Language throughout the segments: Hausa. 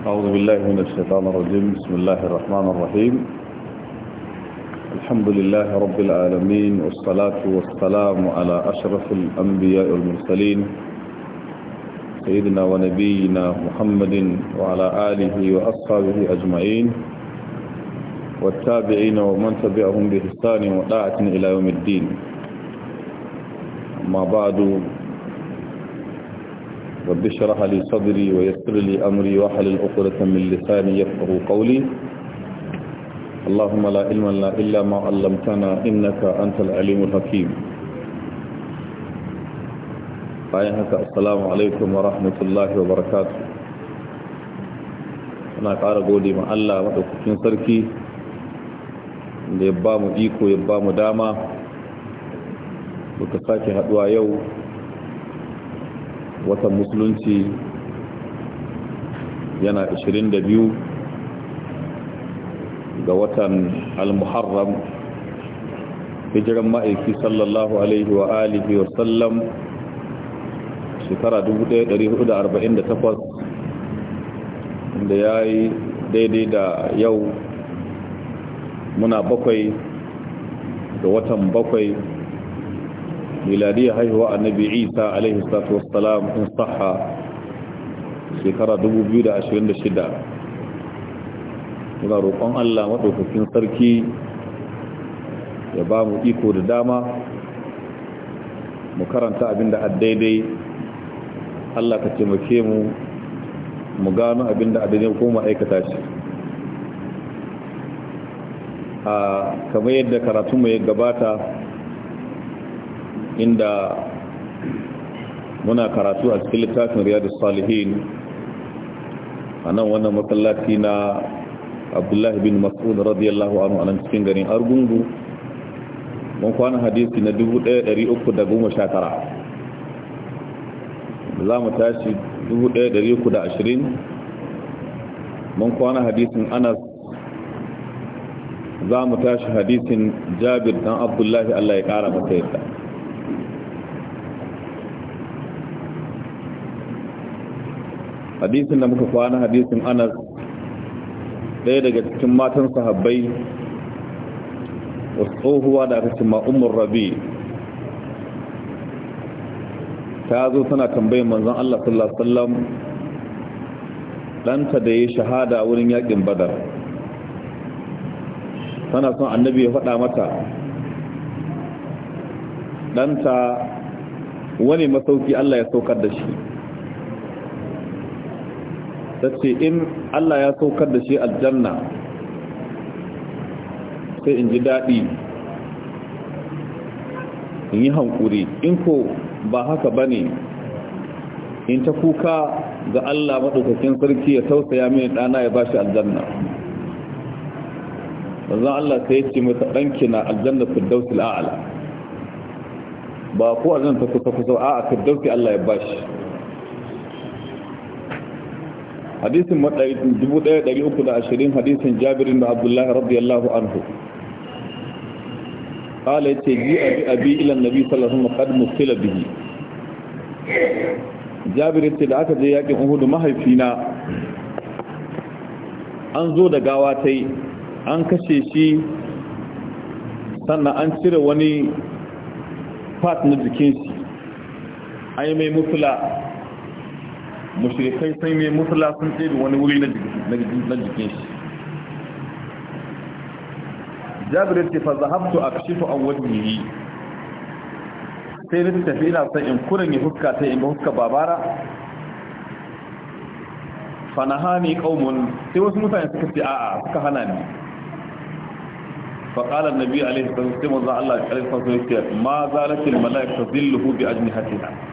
أعوذ بالله من الشيطان الرجيم بسم الله الرحمن الرحيم الحمد لله رب العالمين والصلاة والسلام على أشرف الأنبياء والمرسلين سيدنا ونبينا محمد وعلى آله وأصحابه أجمعين والتابعين ومن تبعهم بإحسان وطاعة إلى يوم الدين أما بعد رب اشرح لي صدري ويسر لي أمري واحلل عقدة من لساني يفقهوا قولي اللهم لا علم لنا إلا ما علمتنا إنك أنت العليم الحكيم بايعك السلام عليكم ورحمة الله وبركاته أنا ƙara gode ma Allah maɗaukakin sarki da ya ba mu iko ya ba mu dama muka sake haɗuwa yau watan musulunci yana 22 ga watan al-muharram hijiran ma'aiki sallallahu alaihi wa alihi wa sallam shekara 1448 da ya yi daidai da yau muna bakwai da watan bakwai miladiyar haihuwa annabi isa alaihi salatu wassalam in saha shekara 2026 ina roƙon allah maɗaukakin sarki ya ba mu iko da dama mu karanta abinda a daidai allah ka taimake mu mu gano abinda a daidai kuma aikata shi a kamar yadda karatunmu ya gabata inda muna karatu a cikin littafin riyadu salihin a nan wannan matsalaci na abdullahi bin mas'ud radiyallahu anhu a nan cikin garin argungu mun kwana hadisi na 1319 za mu tashi 1320 mun kwana hadisin anas za mu tashi hadisin jabir dan abdullahi Allah ya kara mata yadda hadisin da muka kwana hadisin anas ɗaya daga cikin matan sahabbai wasu tsohuwa da aka cimma umar rabi ta zo tana tambayin manzan Allah sallallahu ɗanta da ya shahada a wurin yaƙin badar tana son annabi ya faɗa mata ɗanta wani masauki Allah ya saukar da shi ta ce in Allah ya saukar da shi aljanna sai in ji daɗi in yi hankuri in ko ba haka ba ne in ta kuka ga Allah maɗaukakin sarki ya tausaya mini ɗana ya ba shi aljanna wanzan Allah sai ya ce mata ɗanki na aljanna firdausi la'ala ba ko aljanna ta kusa kusa a a firdausi Allah ya ba shi hadisin 1320 hadisin jabirin da abdullahi radiyallahu anhu قال يتجي أبي أبي إلى النبي صلى الله عليه وسلم قد مصل به جابر يتدعى كذي يكي أهد ما هي فينا أنزو دقاواتي أنكشي شي سنة أنشر وني فات نجكين شي أي مي مطلع mushrikai sai mai musula sun tsaye wani wuri na jikin shi jabir ce fa zahabtu akshifu an yi. sai na tafi ina son in kuren ya huska ta in ga huska babara fa na nahani kaumun sai wasu mutane suka ce a'a suka hana ni fa qala annabi alaihi sai wasallam Allah alaihi salatu wasallam ma za zalatil malaikatu zilluhu bi ajnihatiha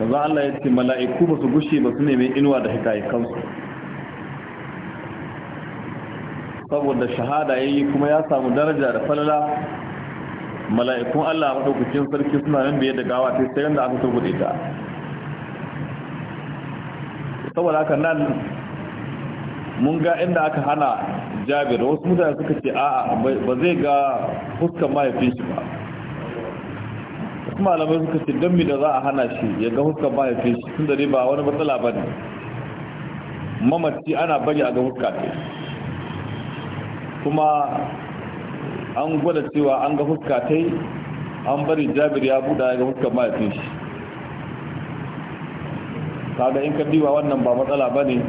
manzo Allah ya ce mala'iku ba su gushe ba su nemi inuwa da hikayekansu. saboda shahada ya yi kuma ya samu daraja da falala mala'ikun Allah madaukakin sarki suna nan biye da gawa ta sai da aka turbude ita. saboda haka nan mun ga inda aka hana Jabir wasu mutane suka ce a'a ba zai ga fuskan mahaifin shi ba wasu malamai suka ce don mi da za a hana shi ya ga huskar mahaifin shi tun da ne ba wani matsala ba ne mamaci ana bari a ga huska ce kuma an gwada cewa an ga huska ta an bari jabir ya buɗa ga ya fi shi kaga in ka diba wannan ba matsala ba ne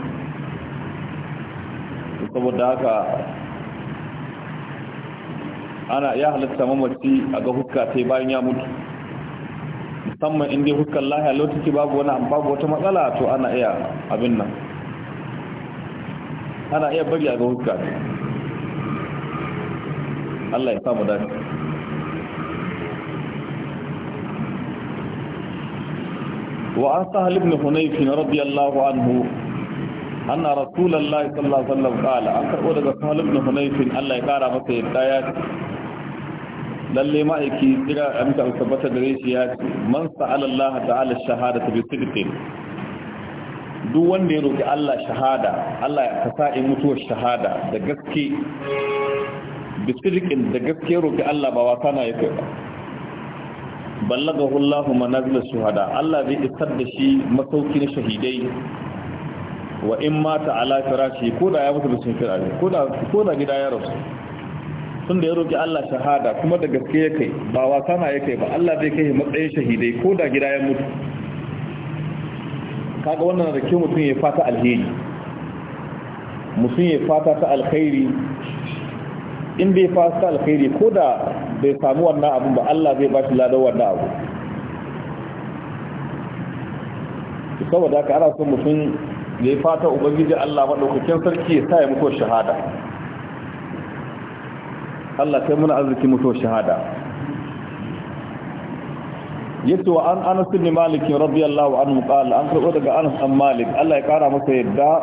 saboda haka ana ya halitta mamaci a ga huska ta bayan ya mutu musamman in dai hukar lahiya lokaci babu wani babu wata matsala to ana iya abin nan ana iya bari a ga hukka Allah ya samu dace wa an sahal ibn hunayf radiyallahu anhu anna rasulullahi sallallahu alaihi sallam qala an karbo daga sahal ibn hunayf Allah ya kara masa yadda ya lalle ma'aiki kira an ta tabbata gare shi ya ce man sa'ala Allah ta'ala shahada ta bi sidqin duk wanda ya roki Allah shahada Allah ya kasa in mutuwar shahada da gaske bi sidqin da gaske roki Allah ba wasa na yake ba ballagahu Allah manazil shuhada Allah zai isar da shi masauki na shahidai wa in mata ala firashi ko da ya mutu da sun firashi ko da ko da gida ya rasu sun da ya roƙi Allah shahada kuma da gaske ya kai ba wasa na ya kai ba Allah zai kai matsayin shahidai ko da gida ya mutu kaga wannan da ke mutum ya fata alheri mutum ya fata ta alkhairi in bai fata alkhairi ko da bai samu wannan abun ba Allah zai ba shi ladar wannan abu saboda ka ana son mutum ya fata ubangiji Allah maɗaukakin sarki ya sa ya muku shahada Allah sai muna arziki mutuwar shahada yace an Anas bin Malik radiyallahu anhu qala an karbo daga Anas bin Malik Allah ya kara masa yadda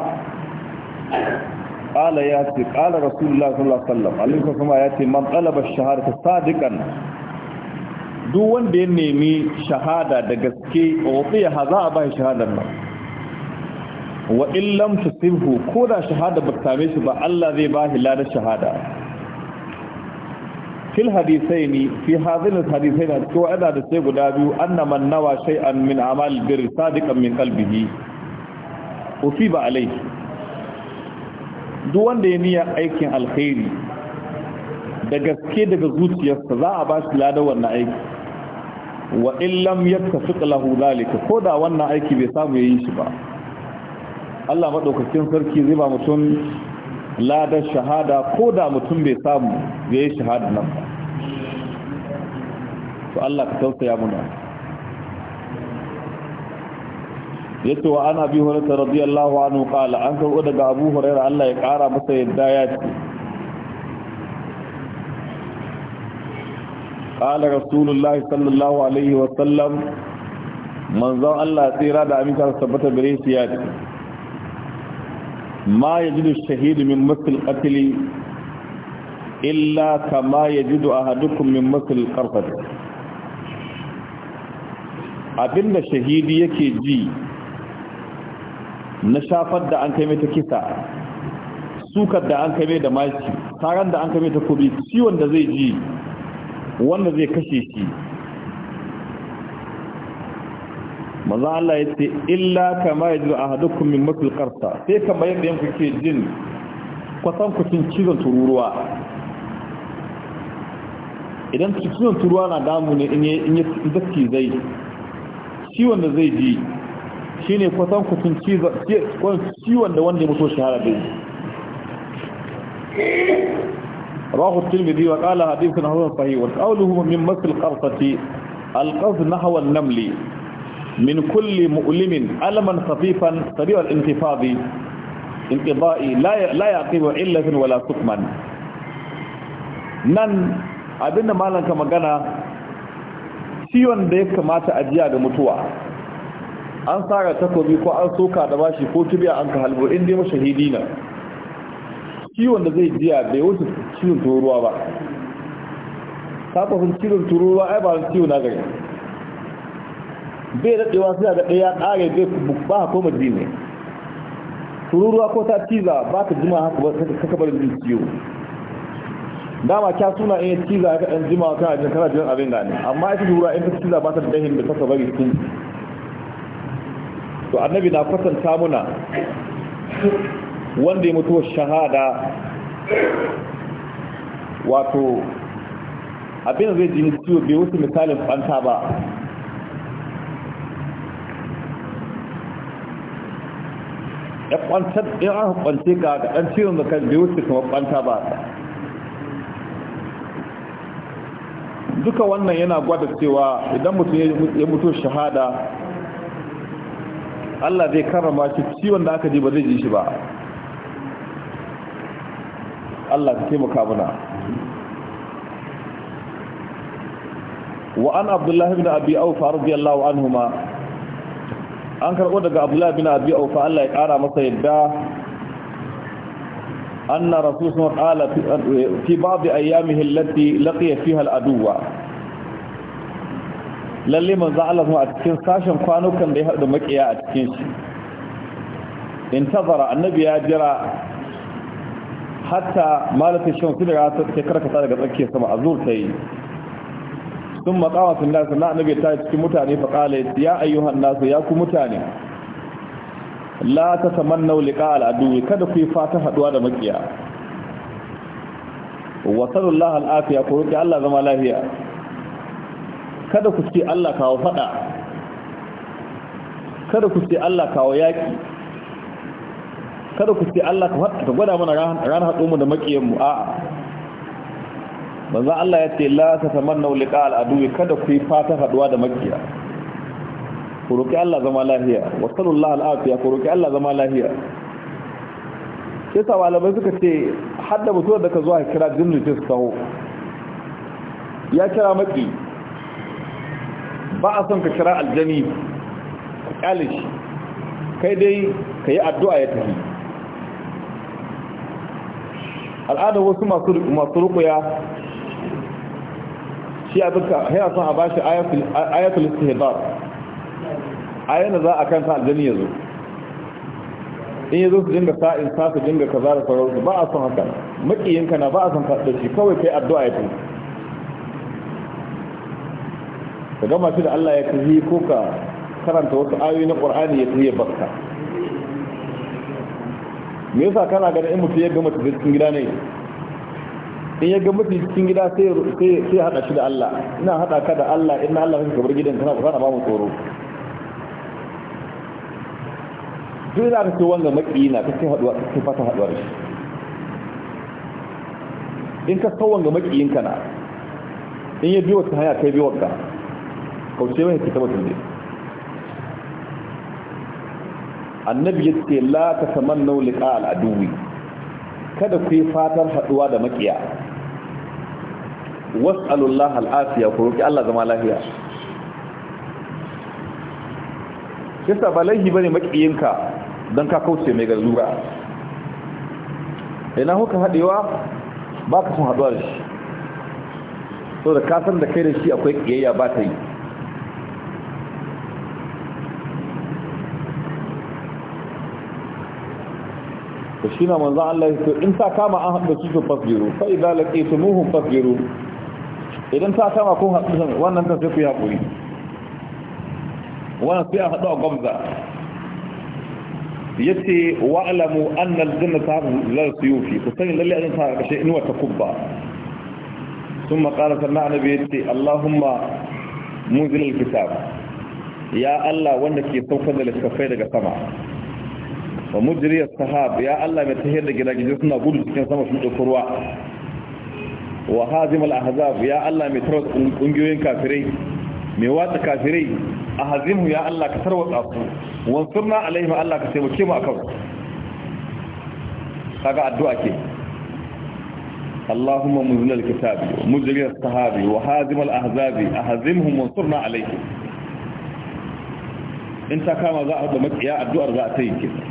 qala ya ce qala Rasulullah sallallahu alaihi wasallam alaihi kuma ya ce man talaba shahada shahadata sadiqan duk wanda ya nemi shahada da gaske utiya za a bai shahadar nan wa illam tusibhu ko da shahada ba same shi ba Allah zai ba shi ladar shahada fil hadithaini fi hadhin al hadithaini to ada da sai guda biyu anna man nawa shay'an min amal bir sadiqan min qalbihi usiba alayhi duk wanda ya niyya aikin alkhairi da gaske daga zuciyarsa za a bashi shi ladan wannan aiki wa illam yattafiq lahu zalika koda wannan aiki bai samu yayin shi ba Allah madaukakin sarki zai ba mutum ladar shahada ko da mutum bai samu ya yi shahada nan ba to Allah ka tausaya muna yace wa ana bi hurairah radiyallahu anhu qala an karbo daga Abu Hurairah Allah ya kara masa yadda ya ce قال رسول sallallahu alaihi wa sallam. وسلم manzon Allah tsira da aminta su tabbata gare shi ya ce ma yajidu shahidu min masul qatli illa kama yajidu ahadukum min masul qarfati abinda shahidi yake ji na shafar da an kai ta kisa sukar da an kai mai da maki taron da an kai mai ta kobi ciwon da zai ji wanda zai kashe shi maza Allah ya ce illa kama ya ji a hadukun min mafi karsa sai kama yadda yanku ke jin kwasan kucin cizon tururuwa idan cizon tururuwa na damu ne in yi zafi zai ciwon da zai ji shi ne kwatan kusan ciwon da wanda ya mutu shahara da yi rahu tilmidi wa kala hadisun hasan sahi wa qawluhu min masl qarsati alqaz nahwa namli min kulli mu'limin alaman khafifan sabi'a al-intifadi intibai la la yaqibu illatan wala sukman nan abinda malanka magana ciwon da ya kamata a jiya ga mutuwa an tsara takobi ko an soka da bashi ko tubiya an ka halbo inda ya shahidi na ciwon da zai jiya bai wuce ciwon turuwa ba sakwafin ciwon turuwa ai ba ciwo na gari bai daɗewa sai ga ɗaya ƙare bai ba ko madina turuwa ko ta ciza ba ka jima haka ba ka kabar jin ciwo dama kya suna in yi ciza ka ɗan jimawa kana jin kana jin abin gane amma ita lura in ta ciza ba ta dahin da kasa bari cikin to annabi na kwatanta muna wanda ya mutu shahada wato abin zai ji ciwo bai wuce misalin kwanta ba ya kwantar in aka kwance ka ga ɗan ciwon da kan bai wuce kuma kwanta ba duka wannan yana gwada cewa idan mutum ya mutu shahada Allah zai karrama shi ciwon da aka ji ba zai ji shi ba Allah ta taimaka muna wa an abdullahi bin abi aufa radiyallahu anhuma an karɓo daga abdullahi bin abi aufa Allah ya ƙara masa yadda أن رسول الله قال في بعض أيامه التي لقي فيها الأدوة lalle manzo Allah a cikin sashen kwanukan da ya haɗu makiya a cikin shi intazara annabi ya jira hatta malaka shan su daga ta karkata daga tsakiyar sama ta yi sun makawa sun nasu na annabi ta cikin mutane fa kala ya ayyuhan nasu ya ku mutane la ta tamannau liqa al'adu kada ku yi fata haduwa da makiya wa sallallahu al ku roki Allah zama lafiya kada ku ce Allah kawo fada kada ku ce Allah kawo yaki kada ku ce Allah ka gwada mana ran haɗo mu da makiyan mu a'a manzo Allah ya ce la ta tamanna liqa al adu kada ku yi fata haɗuwa da makiya ku roki Allah zama lafiya wa sallallahu al afiya ku roki Allah zama lafiya sai sa suka ce hadda mutuwar da ka zo a kira jinnu ta ya kira maki ba a son ka kira aljani ka kyale shi kai dai ka yi addu'a ya tafi al'adar wasu masu rukuya shi a duka yana son a ba shi ayatul istihbar ayan da za a kanta aljani ya zo in ya zo su dinga sa'in sa su dinga kaza da sauransu ba a son haka maƙiyinka na ba a son kaɗa shi kawai kai addu'a ya tafi ka gama shi da Allah ya kafi ko ka karanta wasu ayoyi na Qur'ani ya ya baska me yasa kana ganin in mutum ya gama tafiya cikin gida ne in ya gama tafiya cikin gida sai sai hada shi da Allah ina hada ka da Allah ina Allah kake kabar gidan kana kana ba mu tsoro duk a kace wanga maki na kace haduwa kace fata haduwa in ka kawo wanga maki in kana in ya biyo ta hanya kai biyo wata kauce mai fita mutum ne annabi ya ce la ta saman liqa kada ku yi fatar haduwa da makiya Wasu alullah afiya ku roƙi Allah zama lafiya kisa ba laihi ne makiyinka don ka kauce mai garzura ina huka Ba ka son haduwa da shi so da kasan da kai da shi akwai kiyayya ba ta yi to shi na manzan Allah ya ce in ta kama an haɗu cikin fasbiru fa idan laƙe su muhun idan ta kama kun haɗu wannan ta sai ku ya ƙuri wannan sai a haɗu a gwamza ya ce wa'alamu an na aljanna ta haɗu lar su yufi ku sani lalle a ta a ƙashe inuwa ta kubba sun maƙara sannan annabi ya ce allahumma muzilal kitab ya Allah wanda ke saukar da littattafai daga sama wa mujriyar sahab ya Allah mai tahiyar da gidaje suna gudu cikin sama sun ɗauki ruwa wa hazim al-ahzab ya Allah mai tarwata kungiyoyin kafirai mai watsa kafirai ahzimhu ya Allah ka tarwata su wansurna alaihim Allah ka taimake mu akan kaga addu'a ke wa اللهم مذل الكتاب مجري الصحاب وهازم الأحزاب أهزمهم وانصرنا عليهم انت كما addu'ar za a ta yi kisa.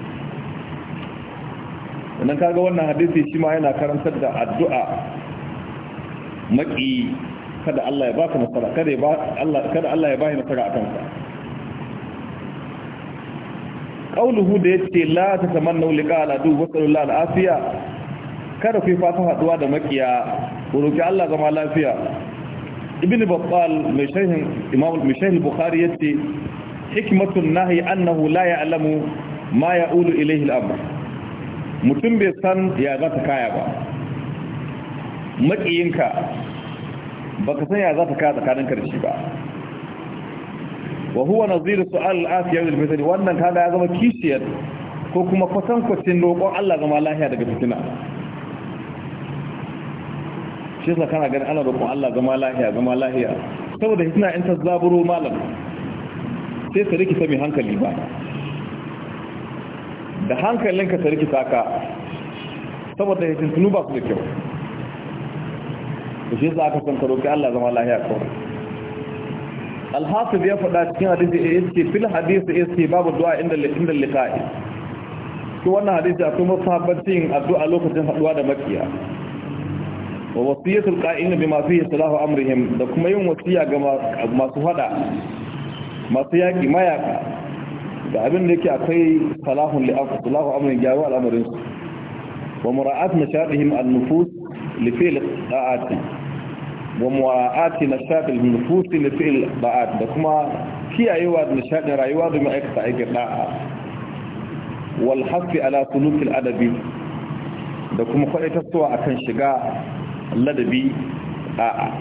wannan kaga wannan hadisi shi ma yana karantar da addu'a maki kada Allah ya baka nasara kada ya ba Allah kada Allah ya ba nasara a kanka qauluhu da yace la tatamannu liqa ala du wa sallallahu al-afiya kada ku fata haduwa da makiya ku roki Allah zama lafiya ibn battal mai sharhin imam al-mishahil bukhari yace hikmatun nahyi annahu la ya'lamu ma ya'ulu ilayhi al-amr mutum bai san ya za ta kaya ba maƙiyinka ba ka san ya za ta kaya tsakanin karshe ba. ba wa huwa naziru su'al afiyar da fitani wannan kada ya zama kishiyar ko kuma kwacin roƙon Allah zama lahiya daga fitina shi yasa kana ganin ana roƙon Allah zama lahiya zama lahiya saboda fitina in ta zaburo malam sai ta rikita mai hankali ba da hankalinka ta rikita ka saboda ya tuntunu ba su da kyau da shi za ka san karoki Allah zama lahiya kawai alhassad ya faɗa cikin hadisi eh, a iske fil hadisi a iske babu zuwa inda inda Su wannan hadisi akwai masahabbacin addu'a lokacin haɗuwa da makiya wa wasiyatul qa'in ma fihi salahu amrihim da kuma yin wasiya ga masu hada masu yaki mayaka da abin da yake akwai salahun li'afu salahu amrin gyaru al'amarin su wa mura'at nashadihim al nufus li fi'l da'ati wa mura'ati nashad al-nufus li fi'l da'at da kuma kiyayewa da nishaɗin rayuwa da ma'aikata aiki da'a wal hafi ala suluk al-adabi da kuma suwa akan shiga ladabi da'a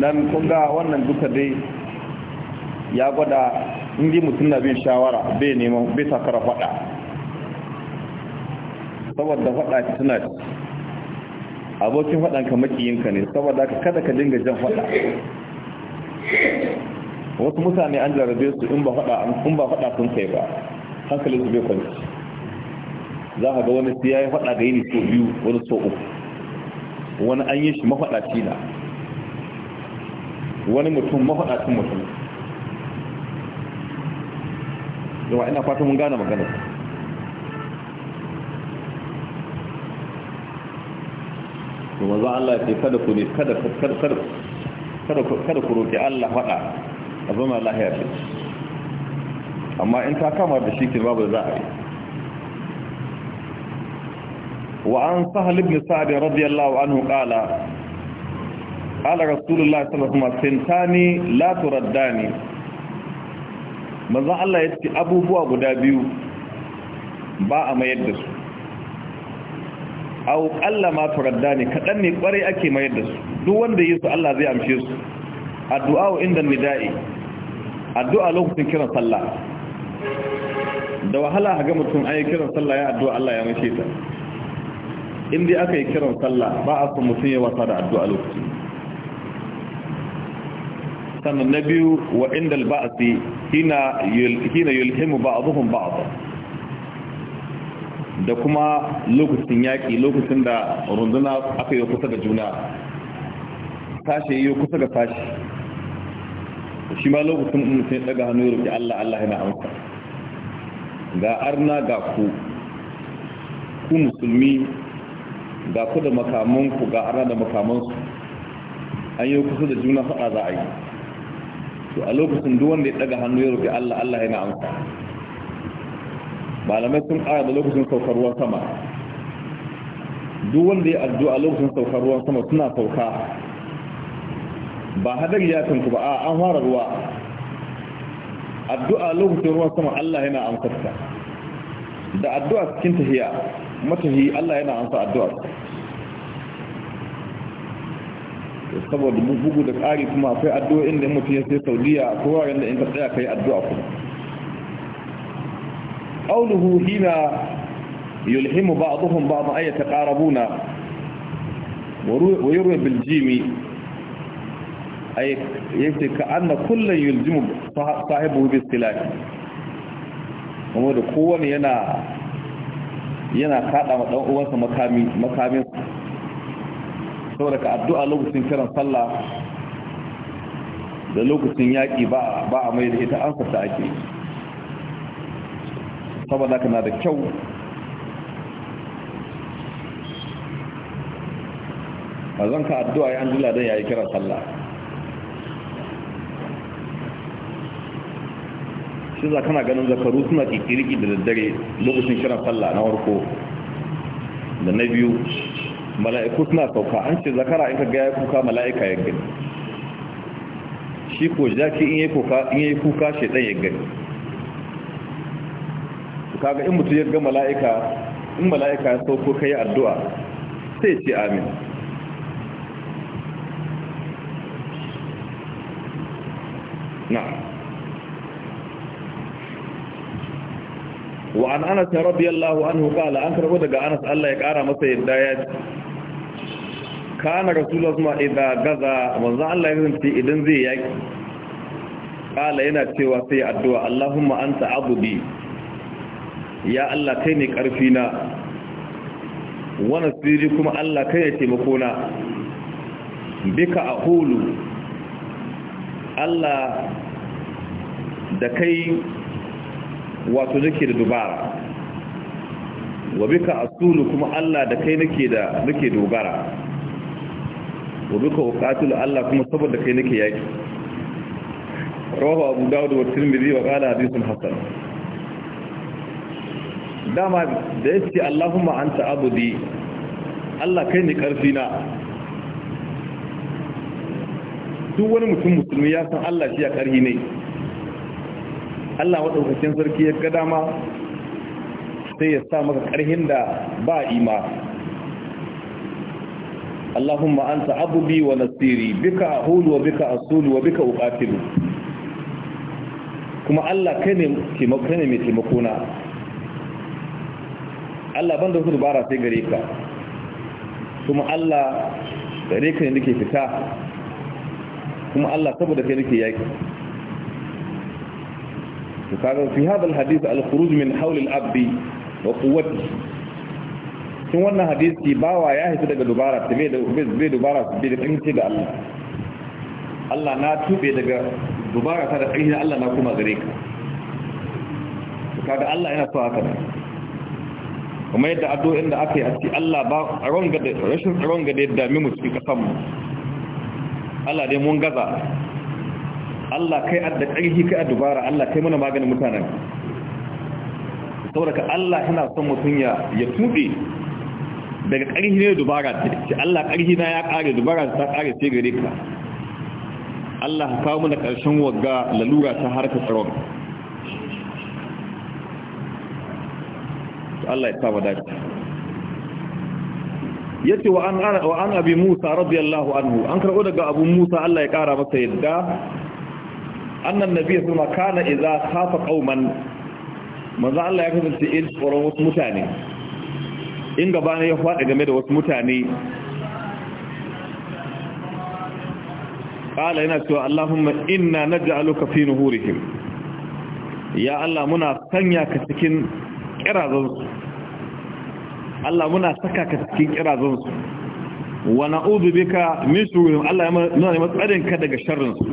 nan kun ga wannan duka dai ya gwada in dai mutum na bin shawara bai neman bai takara faɗa saboda faɗa tana abokin faɗanka makiyinka ne saboda kada ka dinga jan faɗa wasu mutane an jarabe su in ba faɗa sun kai ba hankali su bai kwanci za ka ga wani su ya yi faɗa ga yini so biyu wani so uku wani an yi shi shi na wani mutum mafaɗa shi mutum yawa ina fata mun gane magana to manzo Allah ya ce kada ku ne kada ku roki Allah fada a zama lahiya ce amma in ta kama da shi ke babu za a yi wa an sahal ibn sa'd radiyallahu anhu qala قال رسول الله صلى الله عليه وسلم سنتان manzan Allah ya ce abubuwa guda biyu ba a mayar da su au Allah ma turadda ne kaɗan ne ƙwarai ake mayar da su duk wanda yi su Allah zai amshe su addu'a wa inda nida'i addu'a lokacin kiran sallah da wahala ga mutum ayi kiran sallah ya addu'a Allah ya mashe ta in dai aka yi kiran sallah ba a san mutum ya wasa da addu'a lokacin sannan na biyu wa inda alba'asi hina yulhimu ba'dhum ba'd da kuma lokacin yaƙi lokacin da runduna aka yi kusa da juna tashi yi kusa ga tashi shi ma lokacin mutum ya daga hannu ya roki Allah Allah yana amsa ga arna ga ku ku musulmi ga ku da makamanku ga arna da makamansu an yi kusa da juna faɗa za a yi to a lokacin duk wanda ya daga hannu ya roƙi Allah Allah yana amsa malamai sun ƙara da lokacin saukar ruwan sama duk wanda ya addu'a lokacin saukar ruwan sama suna sauka ba hadar ya tanku ba a an fara ruwa addu'a lokacin ruwan sama Allah yana amsa. da addu'a cikin tahiya matahi Allah yana amsa addu'a saboda bugu da ƙari kuma akwai addu'o'in da mutu ya sai saudiya akwai wuraren da in ka tsaya kai addu'a kuma qawluhu hina yulhimu ba ba'd ay yataqarabuna wa yi yurwa bil jimi ay yace ka anna kullan yuljimu sahibu bi silahi kuma da kowane yana kaɗa kada wa dan saboda ka addu'a lokacin kiran sallah da lokacin yaƙi ba a mai da ita an fata ake saboda ka na da kyau a zan ka addu'a ya an jula don yayi kiran sallah shi za kana ganin zakaru suna kirkiri da daddare lokacin kiran sallah na farko da na biyu mala'iku suna sauka an ce zakara in ka ga ya kuka mala'ika ya gani shi ko jaki in yayi kuka in yayi kuka shedan ya gani kaga in mutu ya ga mala'ika in mala'ika ya sauko kai addu'a sai ce amin na'am وعن أنس رضي الله daga Anas Allah ya أنس masa yadda ya دايات kana rasulullah kuma idan gaza manzo Allah ya zance idan zai yaki kala yana cewa sai addu'a Allahumma anta abudi ya Allah kai ne ƙarfi na Wani sirri kuma Allah kai ya taimako na bika aqulu Allah da kai wato nake da dubara wa bika asulu kuma Allah da kai nake da nake dogara wa bika uqatilu Allah kuma saboda kai nake yaki rawahu abu dawud wa tirmidhi wa qala hadithun hasan dama da yace Allahumma anta abudi Allah kai ne karfi na duk wani mutum musulmi ya san Allah shi ya karhi ne Allah madaukakin sarki ya ga dama sai ya sa maka karhin da ba ima اللهم أنت عبدي ونصيري بك أهول وبك أصول وبك أقاتل كما الله كان يتمكونا Allah ban da su bara sai gare ka kuma Allah gare ka ne nake fita kuma Allah saboda kai nake yaki to kaga fi hadal al khuruj min hawl al cikin wannan hadisi bawa ya haifi daga dubara ta bai dubara su bai da tsinci da Allah Allah na tube daga dubara ta da ƙarfi Allah na kuma gare ka kaga Allah yana so haka kuma yadda addu'o'in da aka yi a cikin Allah ba ronga da rashin ronga da yadda mu cikin kasan mu Allah dai mun gaza Allah kai adda ƙarfi kai a dubara Allah kai mana maganin mutanen saboda ka Allah yana son mutum ya ya tube daga ƙarfi ne dubara ce Allah ƙarfi na ya ƙare dubara ta ƙare ce gare ka Allah kawo mana ƙarshen wagga lalura ta harkar tsaron Allah ya saba dace yace wa an wa an abi Musa radiyallahu anhu an karɓo daga Abu Musa Allah ya kara masa yadda annan nabi sallallahu alaihi kana idza khafa qauman manzo Allah ya kasance in tsoron wasu mutane in gaba ya faɗi game da wasu mutane ƙala yana cewa Allahumma inna na aluka fi nuhurihim ya Allah muna sanya ka cikin ƙirazonsu Allah muna saka ka cikin ƙirazonsu wa na'udhu bika min shururihim Allah ya nuna ne matsarin ka daga sharrinsu."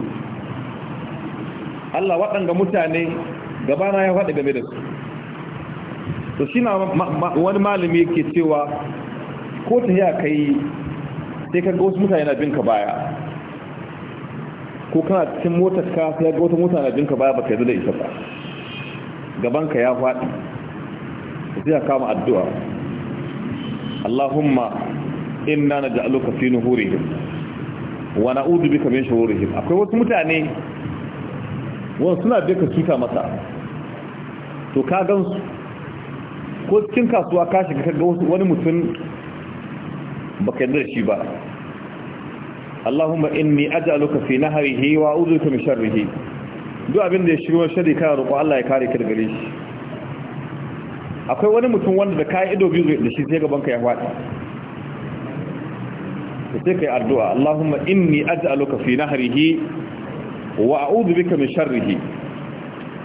Allah waɗanda mutane gabana ya faɗi game da su to shi na wani malami yake cewa ko ta ya kai sai ka ga wasu mutane na binka baya ko kana cikin motar ka sai ga wata mota na binka baya baka yarda da ita ba gaban ka ya faɗi sai ka kama addu'a Allahumma inna naj'aluka fi nuhurihim wa na'udhu bika min shururihim akwai wasu mutane wannan suna ka cuta masa to ka gansu ko cikin kasuwa ka shiga kaga wani mutum baka yarda da shi ba Allahumma inni aj'aluka fi nahrihi wa a'udhuka min sharrihi duk abin da ya shirwa shari ka roƙo Allah ya kare ka daga shi akwai wani mutum wanda da kai ido biyu da shi sai gaban ka ya faɗi sai kai addu'a Allahumma inni aj'aluka fi nahrihi wa a'udhu bika min sharrihi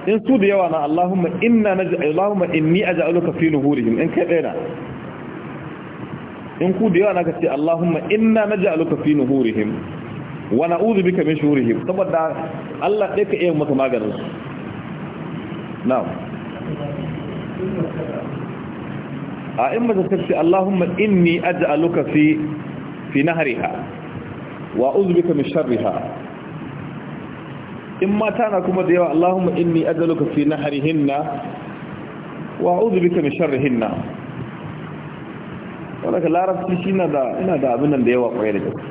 in su da yawa na Allahumma inna Allahumma inni aj'aluka fi nuhurihim in kai dena in ku da yawa na kace Allahumma inna naj'aluka fi nuhurihim wa na'udhu bika min shururihim saboda Allah dai ka iya maka maganin su na'am a in mata kace Allahumma inni aj'aluka fi fi nahriha wa a'udhu bika min sharriha in mata na kuma da yawa Allahumma inni azaluka fi naharihinna wa a'udhu bika min sharrihinna wanda ka larabci shi na da ina da abin nan da yawa kwaye da gaske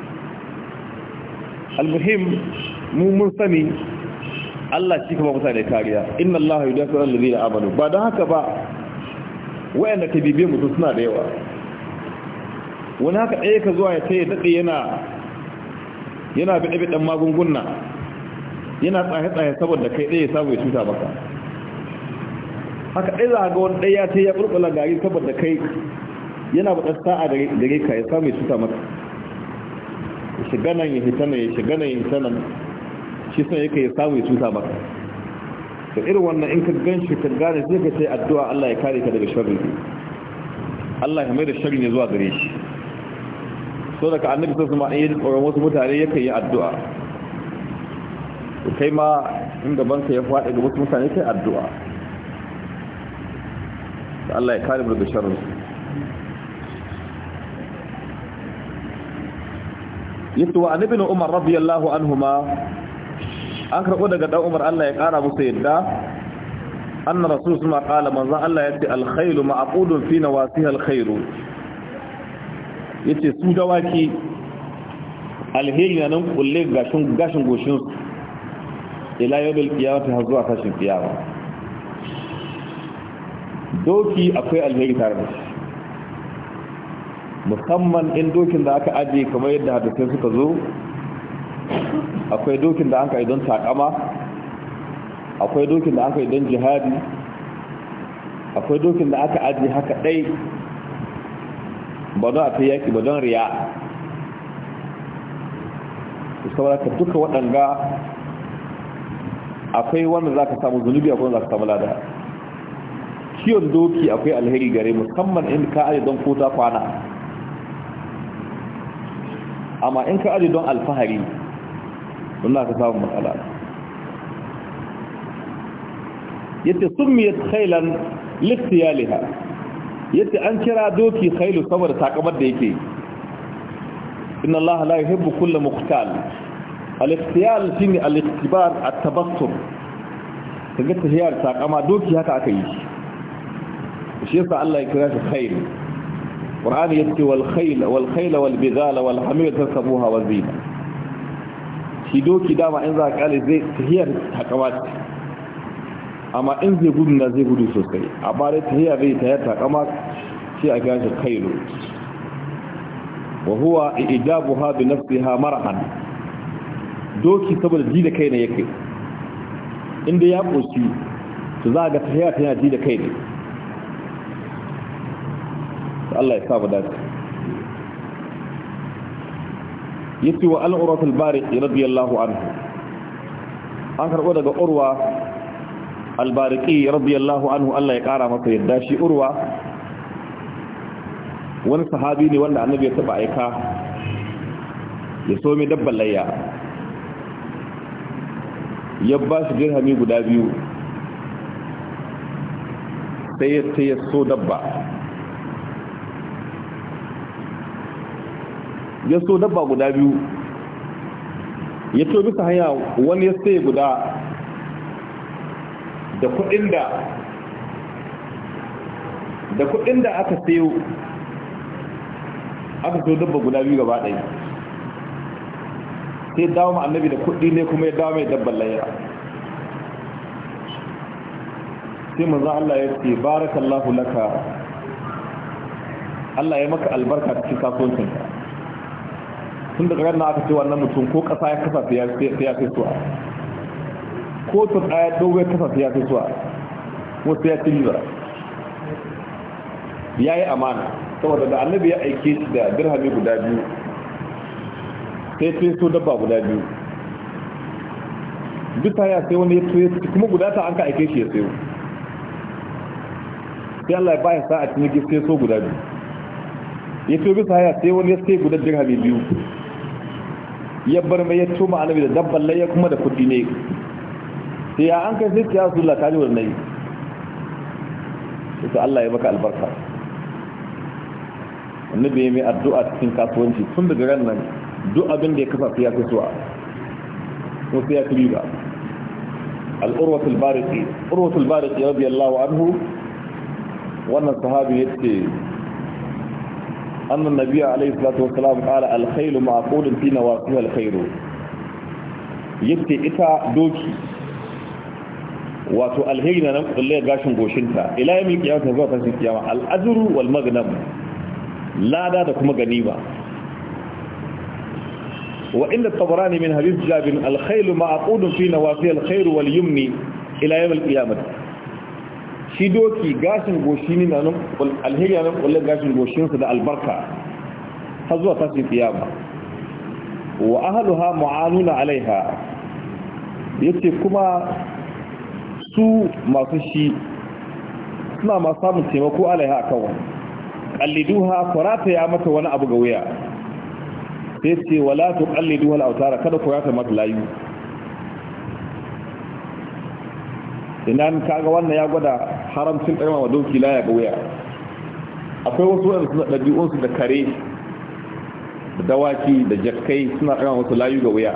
almuhim mu mun sani Allah shi kuma mutane kariya inna Allah yudafi allazina amanu ba don haka ba wayanda ta bibiye mu suna da yawa wani haka ɗaya ka zuwa ya taya daɗe yana yana biɗe-biɗen magunguna yana tsaye-tsaye saboda kai ɗaya samu ya cuta baka haka ɗaya za a ga wani ɗaya ce ya ɓulɓula gari saboda kai yana buɗar sa'a gare ka ya samu ya cuta maka ya shiga nan ya hita nan ya shiga nan ya hita nan shi sun yake ya samu ya cuta maka da irin wannan in ka gan shi ka gane sai ka sai addu'a Allah ya kare ka daga sharri Allah ya mai da sharri ne zuwa gare shi so daga annabi sallallahu alaihi wasallam in yi tsoron wasu mutane kai yi addu'a kai ma in ka ya faɗi ga wasu mutane kai addu'a Allah ya kare daga sharrin su yato wa ibn umar radiyallahu anhuma an karɓo daga dan umar Allah ya ƙara musu yadda anna rasul suna ƙala manzo Allah ya al-khaylu ma'qudun fi nawasiha al yace su dawaki alheri nan kulle gashin gashin goshin ila yawmil qiyamati har zuwa tashin qiyama doki akwai alheri tare da shi musamman in dokin da aka ajiye kamar yadda hadisai suka zo akwai dokin da aka yi don takama akwai dokin da aka yi don jihadi akwai dokin da aka ajiye haka ɗai ba don a ta yaki ba don riya saboda ka duka waɗanga akwai wanda za ka samu zunubi akwai wanda za ka samu lada kiyon doki akwai alheri gare musamman in ka aje don kota kwana amma in ka aje don alfahari don za ka samu matsala yadda sun miyar khailan liha, yadda an kira doki khailu saboda takamar da yake inna Allah la yuhibbu kullu muqtal al-ikhtiyal shine al-iktibar at-tabassum kaga tahiyar sakama doki haka aka yi shi yasa Allah ya kira shi khair Qur'ani yace wal khayl wal khayl wal bidal wal hamir tarkabuha wa zina shi doki dama in za ka kale zai tahiyar sakama amma in zai gudu na zai gudu sosai amma dai tahiyar zai tahiyar sakama shi a kira shi khairu wa huwa ijabuha bi nafsiha marhan doki saboda ji da kai ne yake inda ya ƙunshi to za a ga tafiya ta yana ji da kai ne Allah ya saba dace Ya ce wa al-urwat al-bari radiyallahu anhu an karɓo daga urwa al-bariqi radiyallahu anhu Allah ya ƙara masa yadda shi urwa wani sahabi ne wanda annabi ya taba aika ya so mai dabbalayya ya ba su dirhami guda biyu sai ya ce ya so dabba ya so dabba guda biyu ya to bisa hanya wani ya sai guda da kudin da da kudin da aka sayo aka so dabba guda biyu gaba ɗaya sai dawo ma annabi da kuɗi ne kuma ya dawo mai dabban layya sai za Allah ya ce barakallahu laka Allah ya maka albarka cikin kasuwancin ka tun daga ran aka ce wannan mutum ko kasa ya kasa sai ya sai suwa ko tun ɗaya dogon kasa sai ya sai suwa ko sai ya ci libra yi amana saboda da annabi ya aike shi da dirhami guda biyu sai tsaye su dabba guda biyu duk ta sai wani ya tsaye kuma guda ta an ka aike shi ya tsaye sai Allah ya bayan sa'a cikin yake sai so guda biyu ya tsaye bisa haya sai wani ya tsaye guda dirhami biyu ya bar mai ya tuma annabi da dabban laye kuma da kudi ne sai ya an kai sai ya su ta ji wannan yi sai Allah ya maka albarka annabi ya mai addu'a cikin kasuwanci tun daga ran nan duk abin da ya kafa su ya fi suwa ko su ya fi riba al'urwatul bariki urwatul bariki rabi allahu anhu wannan sahabi ya ce annan nabiya alaihi salatu wasalam kala alkhairu ma'aqulun fi nawasiha alkhairu yace ita doki wato alheri na nan kulle gashin goshinta ila yamin kiyama zuwa tashin kiyama al'ajru wal magnam lada da kuma ganima وإن الطبراني من حديث جابر الخيل معقود في نوافي الخير واليمن إلى يوم القيامة shi doki gashin goshi ne nan alheri nan kullun gashin goshinsa da albarka har zuwa tashin kiyama wa ahluha mu'anuna alaiha yace kuma su masu shi suna ma samun taimako alaiha akan wani kalliduha farata ya mata wani abu ga waya. sai ce wala tuqallidu wal autara kada ku rata mata layu idan kaga wannan ya gwada haramcin tsarma wa doki laya ga wuya akwai wasu wanda suna ɗabi'unsu da kare da dawaki da jakkai suna tsarma wasu layu ga wuya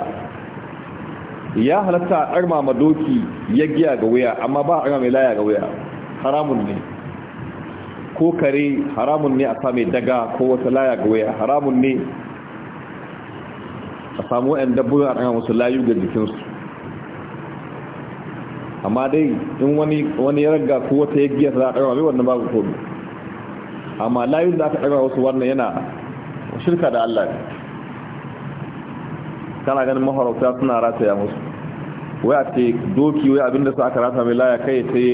ya halatta a tsarma ma doki ya giya ga wuya amma ba a mai laya ga wuya haramun ne ko kare haramun ne a same daga ko wata laya ga wuya haramun ne a samu wa'yan dabbobin a ɗan musu layu ga jikinsu amma dai in wani ya raga ko wata ya giya za a ɗaga mai wannan babu komi amma layu da aka ɗaga wasu wannan yana shirka da allah ne kana ganin maharauta suna rataya musu waya ce doki waya abinda su aka rata mai laya kai ta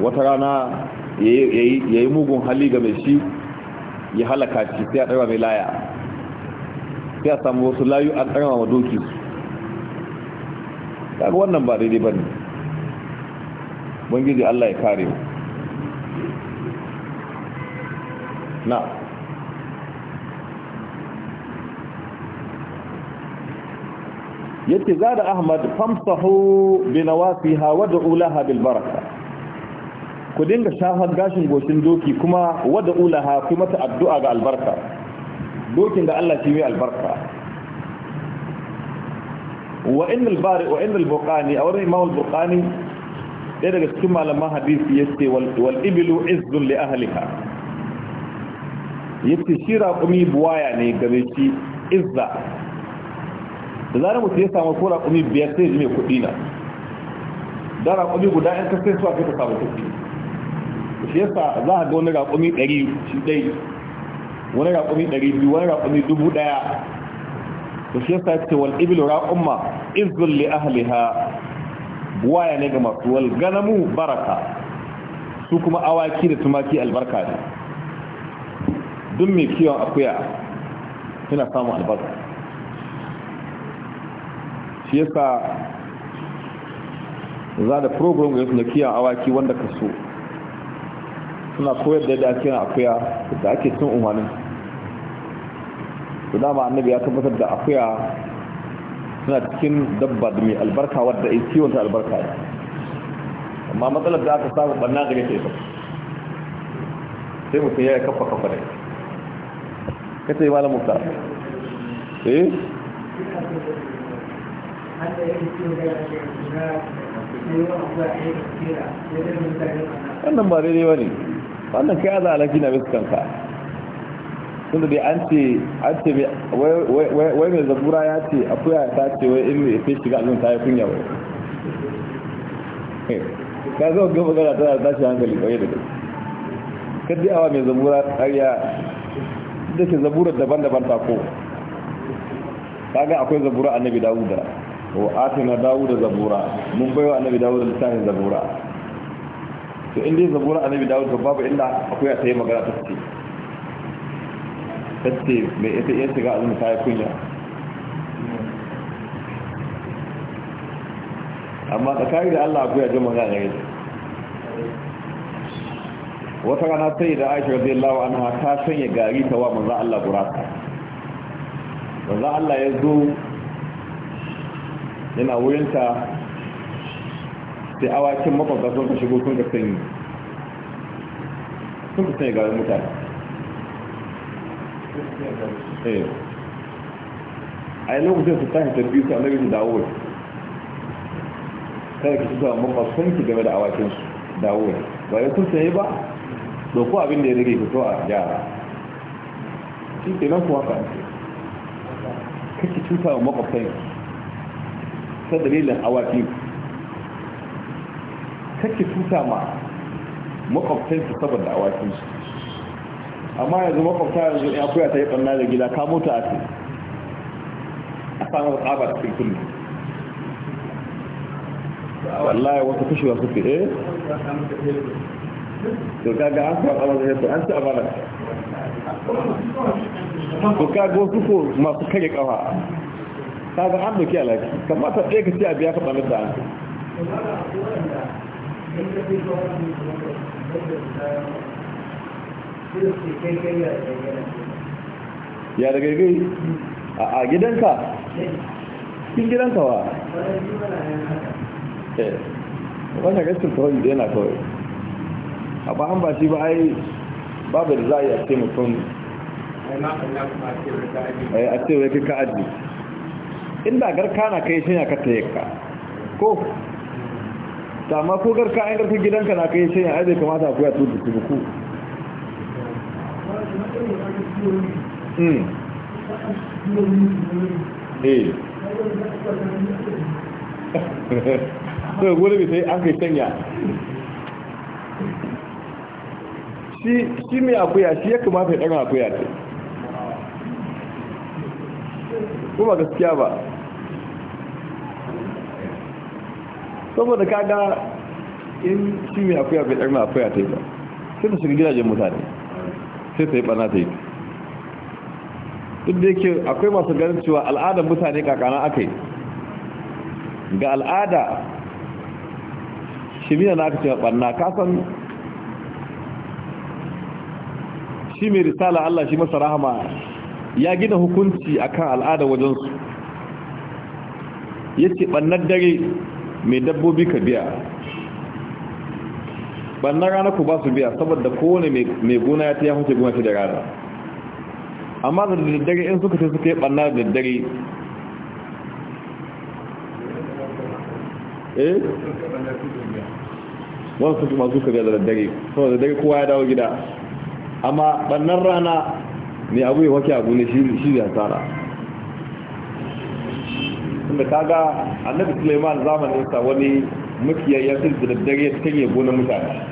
wata rana ya yi mugun hali ga mai shi ya halaka shi sai a ɗaga mai laya sai samu wasu layu an ɗarama wa doki daga wannan ba daidai ba ne bangiji allah ya kare na yake za da ahmad famsahu fi hawa da ulaha bilbaraka ku dinga shafar gashin goshin doki kuma wada ulaha kuma ta addu'a ga albarka dokin da Allah shi yi albarka wa al bari wa al buqani aw rai mawl buqani ɗaya daga cikin malaman hadisi yace wal wal iblu izzun li ahliha yace shi raqumi buwaya ne ga mai shi izza da zarar mutum ya samu ko raƙumi biyar sai ji mai kuɗi na da raƙumi guda yan kasai suwa kai ta samu kuɗi shi yasa za a ga wani raƙumi ɗari shi dai wani raƙumi 200 wani raƙumi 1000 to shi yasa ce wal ibil raqumma izzul li ahliha buwaya ne ga masu wal ganamu baraka su kuma awaki da tumaki albarka ne duk mai kiwon akuya suna samun albarka shi yasa za da program ga na kiyon awaki wanda ka so suna koyar da yadda ake yin akuya da ake cin umarnin to dama annabi ya tabbatar da akuya suna cikin dabba da mai albarka wadda ya ciwon ta albarka ya amma matsalar da aka samu banna gare ta ita sai mutum ya yi kafa kafa ne ka ce malam musa eh wannan ba daidai ba ne wannan kai aza alaki na miskanka tunda dai an ce an ce wai mai zabura ya ce akuya ta ce wai inu ya fi shiga azun ta yi kunya wai eh, ka zo ga magana tana tashi hankali kwaye da gaske kaddi awa mai zabura ƙarya da ke zabura daban-daban ta ko ta ga akwai zabura annabi dawuda wa atina dawuda zabura mun bai wa annabi dawuda littafin zabura to inda dai zabura annabi dawuda babu inda akwai a ta yi magana ta ce ta ce mai ita iya shiga azumi ta yi kunya amma tsakari da allah akwai ajiyar magana gare wata rana sai da aisha zai lawa an ta sanya gari ta wa maza allah burata manzan allah ya zo yana wurinta sai awakin makwabta sun ka shigo sun ka sanyi sun ka sanya garin mutane Eh. a yi lokacin su tashi tarbi su annabi su dawo kada ki tuta mafafon ki game da awakin su dawo ba ya kun yi ba doko abin da ya rage fito a yara shi ke nan kuwa ka kake cuta wa makwabtan ta dalilin awaki kake cuta ma makwabtan ki saboda awakin su amma yanzu makwabta yanzu ya kuya ta yi ɓanna da gida ka mota a ce a samun tsaba da cikin kullum wallahi wata kashewa suke eh to kaga an kuwa tsaba da yadda an ci amana to kaga wasu ko masu kare Ta kaga an doki alaƙi kamata ɗaya ka ce a biya ka ɓanar da an ya daga gai a gidanka cikin gidanka wa eh, wannan gaskin kawai da yana kawai a ba ba shi ba ai babu da za a yi a ce mutum eh, a ce wai kika aji inda garka na kai shi ne ka ta ko ta ma ko garka an garka gidanka na kai shi ne ai bai kamata a kuwa tutu ku sai gole bi sai an kai canya shi mai akuya shi ya kamata ya ɗaga akuya ce kuma gaskiya ba saboda kaga in shi mai akuya bai ɗaga akuya ta ba sai ta shiga gidajen mutane sai ta yi bana ta yi duk da yake akwai masu ganin cewa al'adar mutane kakana aka yi ga al'ada shimiya na aka cewa ɓanna kasan shi mai risala Allah shi masa rahama ya gina hukunci akan al'ada wajensu ya ce ɓannar dare mai dabbobi ka biya bannan rana ku ba su biya saboda kowane mai gona ya ta ya huce gona ta da rana amma da daddare in suka ce suka yi banna da daddare eh wani suke masu suka biya da daddare saboda daddare kowa ya dawo gida amma bannan rana mai abu ya wake abu ne shi da hasara ta ga annabi suleiman zamanin sa wani mafiyayyar da daddare ya tare gonar mutane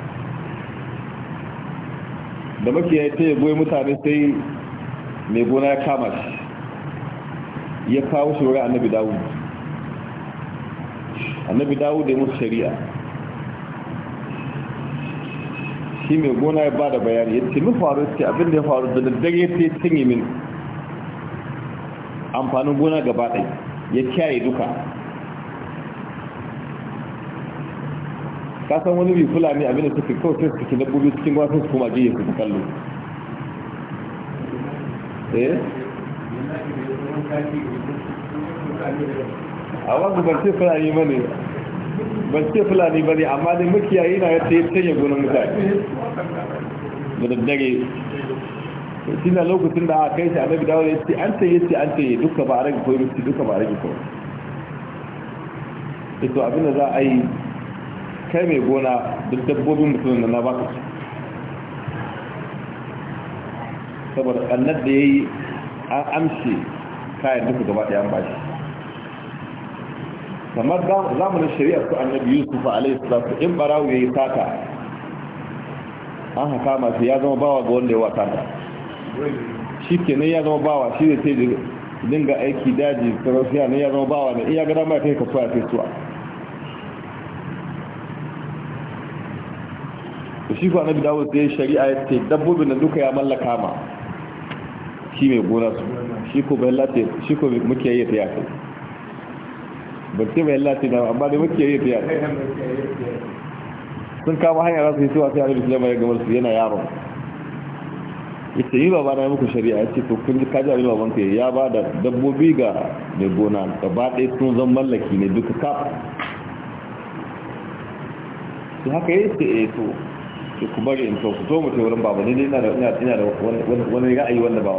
da makiyayi ta ya goyi mutane sai mai gona ya kama shi ya kawo shi wuri annabi dawud annabi dawud ya musu shari'a shi mai gona ya bada bayani ya ce mu faru ce abin da ya faru da daddare sai ya cinye min amfanin gona gaba ɗaya ya kyaye duka ka san wani bi fulani abin da suke kawai sai suke dabbobi cikin gwa sai su koma jiya su kallo eh a wasu ban ce fulani ba ne ban ce fulani ba ne amma dai makiyayi na yadda ya canya gonar mutane da daddare shi na lokacin da aka kai shi annabi dawo ya ce an tsaye ce an tsaye duka ba a rage koyi duka ba a rage koyi ito abin da za a yi kai mai gona duk dabbobin mutum da na baka ci saboda kannar da ya yi an amshe kayan duka gaba ɗaya an bashi kamar zamanin shari'ar su annabi yusuf alaihissalatu in barawu ya yi taka an haka masu ya zama bawa ga wanda ya wata ta shi kenan ya zama bawa shi da ce dinga aiki daji sarrafiya ne ya zama bawa ne iya gada mai kai kasuwa ya kai suwa to shi ko annabi dawud sai shari'a ya ce dabbobin da duka ya mallaka ma shi mai gona su shi ko bai lati shi ko muke yi ta yaka ba ce bai lati da amma da muke yi ta yaka sun kama hanyar rasu hisuwa sai annabi sulaiman ya gamar su yana yaro ce yi ba na muku shari'a ya ce to kun ji kaji abin baban ka ya ba da dabbobi ga mai gona gaba ɗaya sun zan mallaki ne duka kafa Su haka yi ce eh to ce ku bari in to ku zo mu ce wurin baba ne ina da ina da wani ra'ayi wanda ba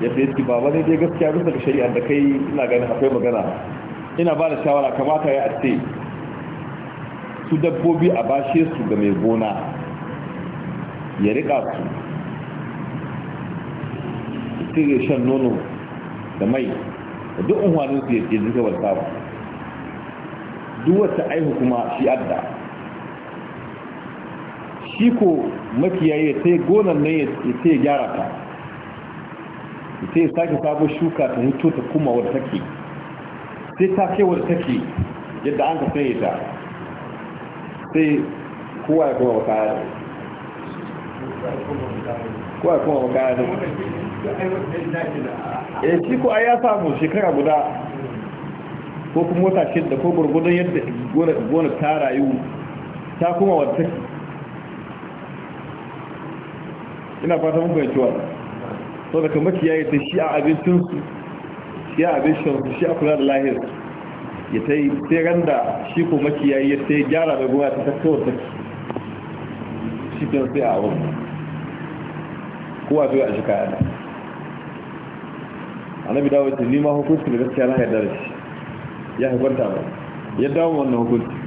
ya ce ki baba ne dai gaskiya duk da shari'ar da kai ina ganin akwai magana ina ba da shawara kamata ya ce su dabbobi a bashe su ga mai gona ya rika su ga shan nono da mai da duk unhwanin su ya ce jika wata ba duk wata aihu kuma shi adda shi ko makiyayi ya sai gonan nan ya sai gyara ta ya sai sake sabon shuka ta hito ta kuma wadda take sai ta ke wadda take yadda an ka sai ta sai kowa ya kuma bakaya yare kowa ya kuma bakaya da ya eh, shi ko ai ya samu shekara guda ko kuma wata shidda ko gurgudan yadda gona ta rayu ta kuma wadda take ina fata mun fahimci wannan sau daga makiyaye ta shi a abincinsu shi a abincinsu shi a kula da lahir ya ta yi tseren da shi ko makiyayi ya ta yi gyara da goma ta tattawar ta shi ta sai a wani kowa biyu a shi kayana annabi dawo ta nima hukunci da gaskiya na haidar shi ya hukunta ba ya dawo wannan hukunci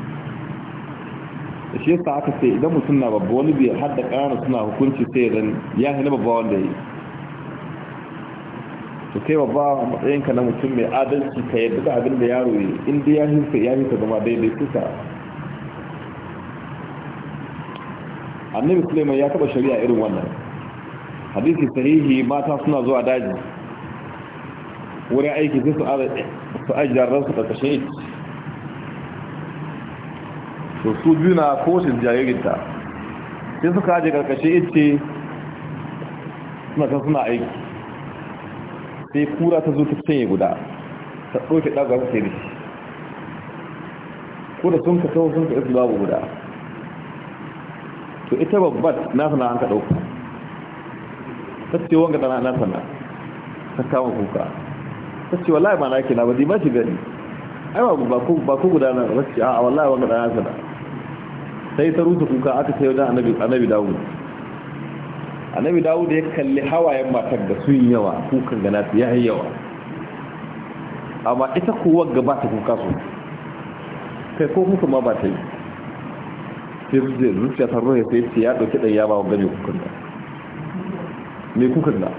da shi yasa aka ce idan mutum na babba wani bai hadda ƙanana suna hukunci sai dan ya hina babba wanda yi to kai babba a matsayinka na mutum mai adalci ka yadda da abin da yaro yi in dai ya hinka ya hinka zama daidai kusa annabi suleiman ya taba shari'a irin wannan hadisi sahihi mata suna zuwa daji wurin aiki sai su ajiyar ransu da ita to su biyu na koshin jaririnta sai suka haji karkashe ice suna kan suna aiki sai kura ta zo ta ya guda ta ɗauke ɗaga su sai ko da sun ka kawo sun ka babu guda to ita babbat na sana an ka ɗauka ta ce wanga da na sana ta kama kuka ta ce wallahi ba na ke na ba zai ba shi gani ai ba ko guda na rashi a wallahi wanga da na sana sai ta rusa kuka aka sai wajen annabi dawud annabi dawud ya kalli hawayen matar da sun yawa kukan gana su ya yawa amma ita kuwa gaba ta kuka su kai ko kuka ma ba ta yi sai zuciya ta ruwa sai ya ɗauki ɗan ya ba wa gani kukan da mai kukan da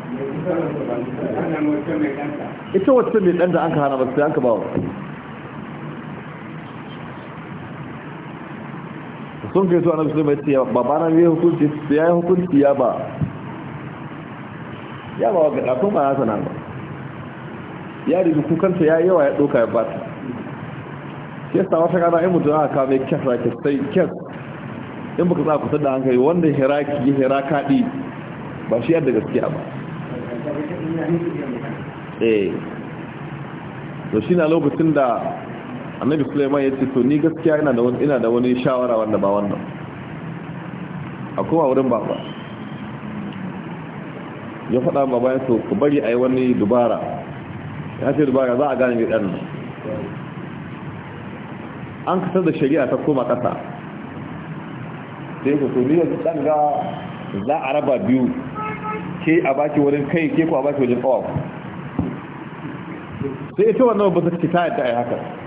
ita wacce mai ɗan da an ka hana ba sai an ka ba wa sun kai su annabi sallallahu alaihi wasallam baba na yi hukunci ya yi hukunci ya ba ya ba ga dafin ba ya sana ba ya rigi kukanta ya yawa ya ɗoka ya bata ya sa wata kana in mutum aka kame kyas rake sai kyas in baka tsaka kusa da hankali wanda hiraki ya hiraka di ba shi yadda gaskiya ba eh to shi na lokacin da annabi suleiman ya ce to ni gaskiya ina da wani ina da wani shawara wanda ba wannan a kowa wurin baba ya faɗa ma bayan so ku bari a yi wani dubara ya ce dubara za a gane mai ɗan an kasar da shari'a ta koma ƙasa sai ku ni yanzu ɗan ga za a raba biyu ke a baki wurin kai ke ku a baki wajen ƙawa sai ita wannan ba ta ta yi haka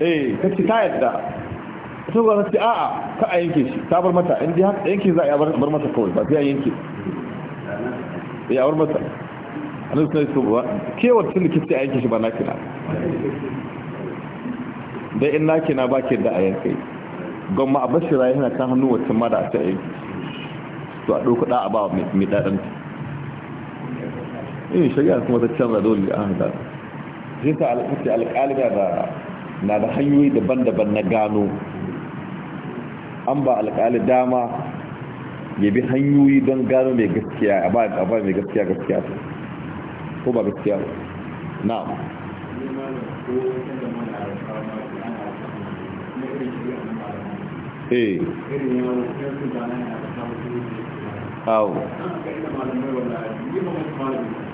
eh ta ce ta yadda ta ce a'a ka a yanke shi ta bar mata in ji haka yanke za a bar mata kawai ba sai eh, a yanke ya bar mata a nan su ba kewar tun da a yanke shi ba na kina dai in na kina ba ke da a yanke ma a bashira yana kan hannu wacce ma da a ta yanke to a ɗauka ɗa a ba mai ɗaɗanta eh shari'a kuma ta canza dole an haɗa shi ta alƙaci alƙalina da na da hanyoyi daban-daban na gano an ba alƙali dama ya bi hanyoyi don gano mai gaskiya a ba mai gaskiya gaskiya ko ba gaskiya ba na'am eh awo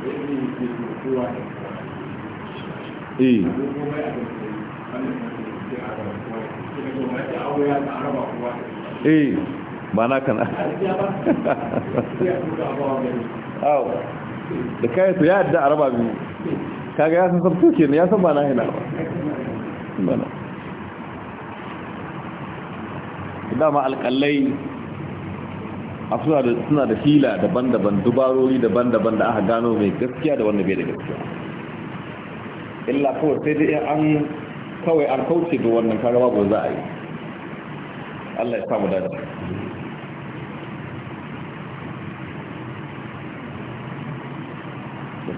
eh eh ba aw da kai to ya da araba biyu kaga ya san sabto kenan ya san ba hina ba dama alƙallai suna da fila daban-daban dubarori daban-daban da aka gano mai gaskiya da wanda bai da gaskiya illa kawai sai dai an kawai an kauce da wannan karawa ba za a yi allah ya samu da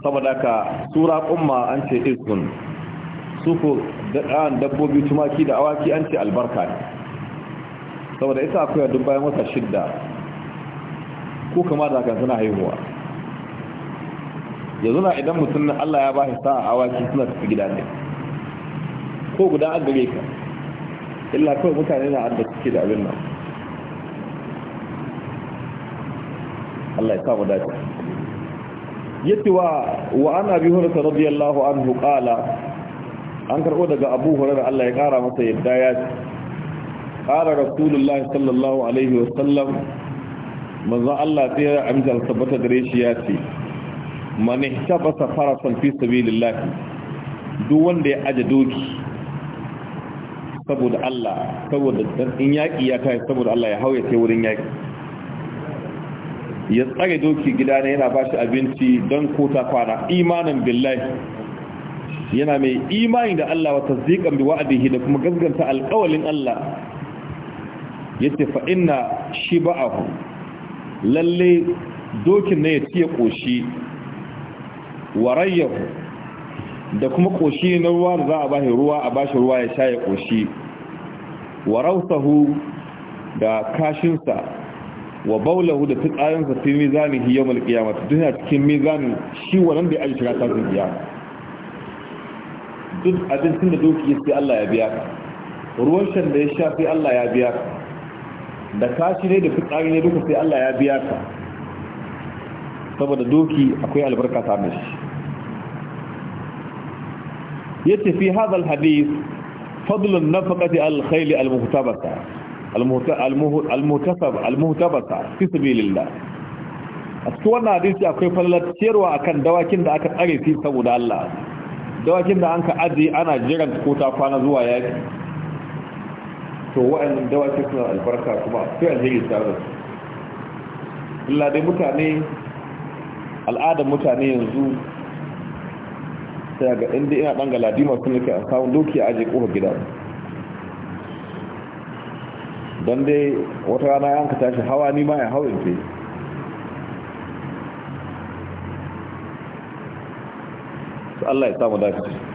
saboda ka tura umma an ce izun su ko dabbobi tumaki da awaki an ce albarka ne saboda ita akwai duk bayan wata shidda ko kama da haka suna haihuwa yanzu na idan mutum na Allah ya ba shi sa'a awaki suna tafi gida ne ko guda an gare ka illa kawai mutane na adda suke da abin nan Allah ya sa mu dace yace wa wa ana bi hurra radiyallahu anhu qala an karbo daga Abu Hurairah Allah ya kara masa yadda ya ce qala rasulullahi sallallahu alaihi wa sallam manzon Allah sai ya amsa tabbata gare shi ya ce man ihtabasa farasan fi sabilillah duk wanda ya aje doki saboda Allah saboda in yaki ya kai saboda Allah ya hauye sai wurin yaki ya tsare doki gida ne yana bashi abinci don ko ta fara imanin billahi yana mai imani da Allah wa tasdiqan bi wa'dihi da kuma gaskanta alƙawalin Allah yace fa inna shiba'ahu lalle dokin ne ya ciye koshi warayyahu da kuma koshi na ruwa da za a bashi ruwa a shi ruwa ya sha ya koshi warausahu da kashinsa wa baulahu da fitsarinsa fi mizanihi yawmal qiyamah duniya cikin mizanin shi wannan da ya aji shiga tashin biya. duk abincin da doki ya sai Allah ya biya ruwan shan da ya sha sai Allah ya biya da kashi ne da fitsari ne duka sai Allah ya biya ka saboda doki akwai albarka ta mashi yace fi hadha alhadith fadl an-nafaqati al-khayl al-muhtabata al-muhtasab al-muhtabata fi sabilillah a cikin wannan hadisi akwai falalar ciyarwa akan dawakin da aka tsare fi saboda Allah dawakin da an ka aje ana jiran ko ta kwana zuwa yaki to wa'annan dawaki suna albarka kuma sai alheri tare illa dai mutane al'adar mutane yanzu sai ga inda ina ɗan galadi sun nake a samun doki a ajiye ƙofar gida don dai wata rana ya yanka tashi hawa ni ma ya hawin ce Allah ya samu dafi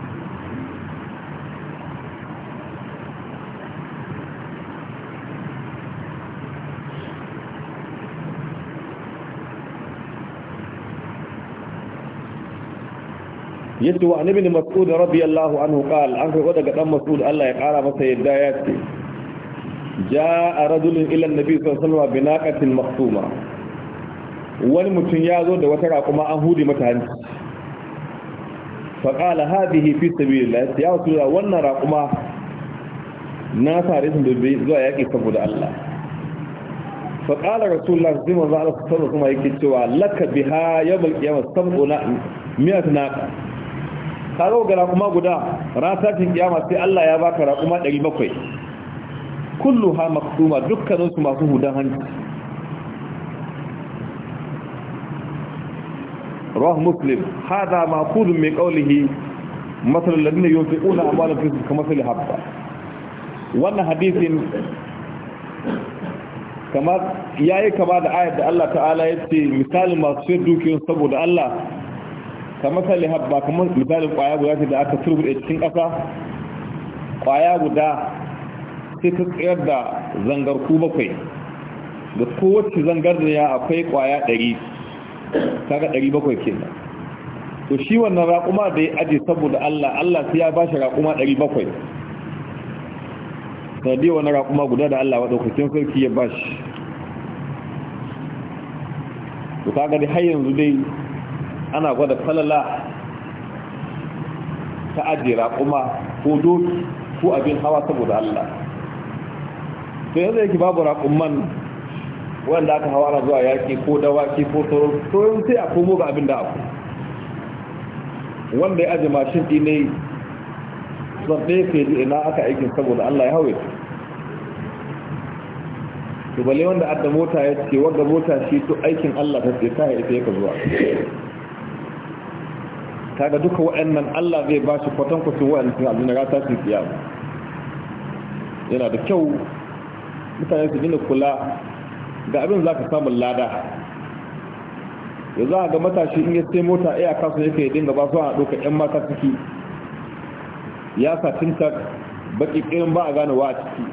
yace wa annabi ne mas'ud radiyallahu anhu qal an kai daga dan mas'ud Allah ya kara masa yadda ya ce jaa rajulun ila annabi sallallahu alaihi wasallam binaqatin maqsuma wani mutum ya zo da wata raƙuma an hudi mata hanci faƙala hadihi fi sabilillah ya wasu da wannan raƙuma na tare sun dubbe zuwa yaƙi saboda Allah faƙala rasulullah zai manzo Allah sallallahu alaihi wasallam yake cewa laka biha yawmal qiyamah sab'una miyar naqa karo ga raƙuma guda ran satin kiyama sai Allah ya baka raƙuma 700 kulluha maktuma dukkanin su masu hudan hanci rawahu muslim hada ma'khudun min qawlihi masal ladina yunfiquna amwalahum fi kamathali habba wannan hadisin kamar yayi kama da ayat da Allah ta'ala yace misalin masu dukiyoyin saboda Allah kamar kalli habba kamar misalin ƙwaya guda ce da aka turbe cikin ƙasa ƙwaya guda sai ta tsayar da zangarku bakwai da kowace zangar da ya akwai ƙwaya ɗari kaga ɗari bakwai kenan to shi wannan raƙuma da ya aje saboda Allah Allah sai ya ba shi raƙuma ɗari bakwai sanadiyar wani raƙuma guda da Allah waɗaukakin sarki ya bashi to kaga dai har yanzu dai ana gwada falala ta ajira kuma ko doki ko abin hawa saboda Allah to yanzu yake babu raƙumman wanda aka hawa na zuwa yaƙi ko dawaki ko sauran to yanzu sai a komo ga abin da aku wanda ya aji mashin ɗine zan ɗaya ke ji ina aka aikin saboda Allah ya hawe to bale wanda adda mota ya ce wadda mota shi to aikin Allah ta ce ta haife ka zuwa kaga duka wa'annan Allah zai ba shi kwaton wa'annan sun aljanna rata su siya yana da kyau mutane su gina kula ga abin za ka samun lada ya za a ga matashi in ya sai mota iya su yake dinga ba su a ɗauka 'yan mata ciki ya sa tintar baki kirin ba a gane wa a ciki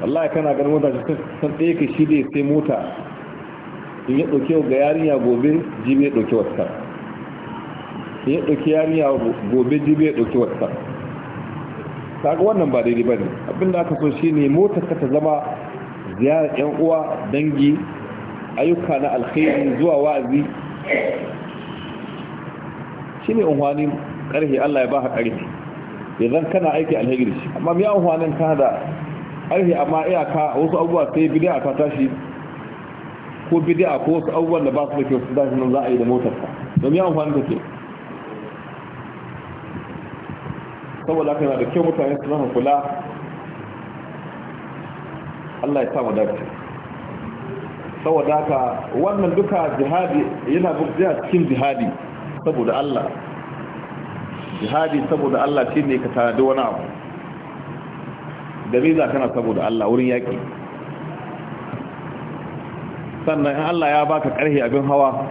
wallahi kana ganin shi san ɗaya ka shi da ya sai mota in ya ɗauke ga yarinya gobe jibi ya ɗauke wata ya ɗauki yariya gobe jibe ya ɗauki wata saka wannan ba daidai ba ne abinda aka so ne motar ka ta zama ziyarar yan uwa dangi ayyuka na alkhairi zuwa wa'azi shine unhwani ƙarfi Allah ya ba ka karfi idan kana aiki alheri shi amma me unhwanin kana da ƙarfi amma iyaka wasu abubuwa sai a ka tashi ko bid'a ko wasu abubuwan da ba su da kyau su tashi nan za a yi da motar ka domin me unhwanin ka saboda haka yana da kyau mutane su zama kula Allah ya sa mu dace saboda haka wannan duka jihadi yana buƙatar cikin jihadi saboda Allah jihadi saboda Allah ne ka tanadi wani abu da me za kana saboda Allah wurin yaƙi sannan in Allah ya baka ƙarfi abin hawa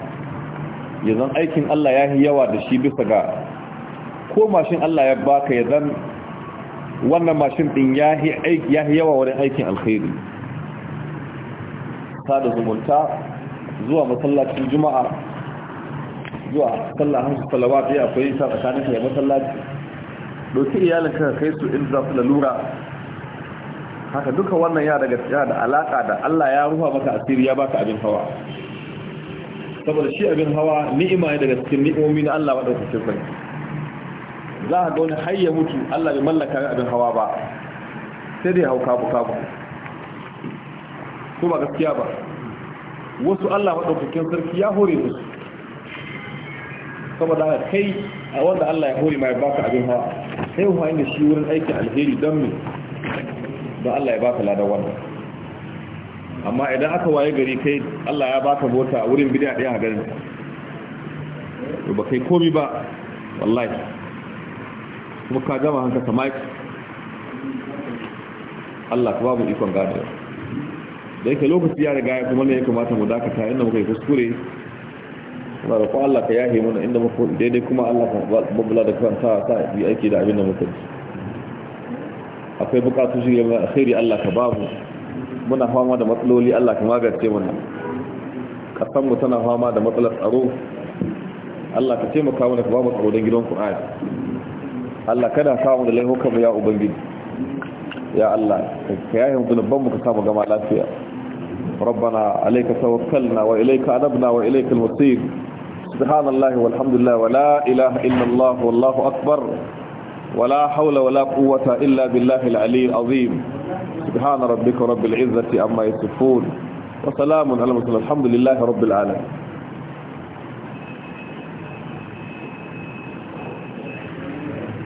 yanzu aikin Allah ya yi yawa da shi bisa ga ko mashin Allah ya baka ya zan wannan mashin din ya yi yawa wurin aikin alkhairi sada zumunta zuwa masallacin juma'a zuwa sallah hansu salawat ya akwai sa tsakanin ya masallaci doki iyalin ka kai su in za su lalura haka duka wannan ya daga tsaya da alaka da Allah ya rufa maka asiri ya baka abin hawa saboda shi abin hawa ni'ima ne daga cikin ni'imomi na Allah madaukakin sani. za a ga wani har mutu Allah bai mallaka abin hawa ba sai dai hau kabu kabu ko ba gaskiya ba wasu Allah maɗaukakin sarki ya hore su saboda haka kai a wanda Allah ya hore ma ya baka abin hawa sai hawa inda shi wurin aiki alheri don me don Allah ya baka ladan wannan amma idan aka waye gari kai Allah ya baka mota wurin bidiya ɗaya a garin to ba kai komi ba wallahi muka ka gama hanka ta maki Allah ka babu ikon ganewa da yake lokaci ya riga ya kuma ne ya kamata mu dakata inda muka yi kuskure da roƙo Allah ka yahe mana inda muka daidai kuma Allah ka babbula da kan sa ta yi aiki da abin da muka ji akwai bukatu shi ga khairi Allah ka babu muna fama da matsaloli Allah ka magance mana kasan mu tana fama da matsalar tsaro Allah ka taimaka mana ka babu tsaro don gidan Qur'ani Allah kada kawo da laihukan ya ubangiji ya Allah ka yi muka kama gama lafiya rabbana alaika tawakkalna wa ilaika adabna wa ilaika al-musir subhanallahi walhamdulillah wa la ilaha illa allah wallahu akbar wa la hawla wa la quwwata illa azim subhana rabbika rabbil izzati amma yasifun wa salamun ala mursalin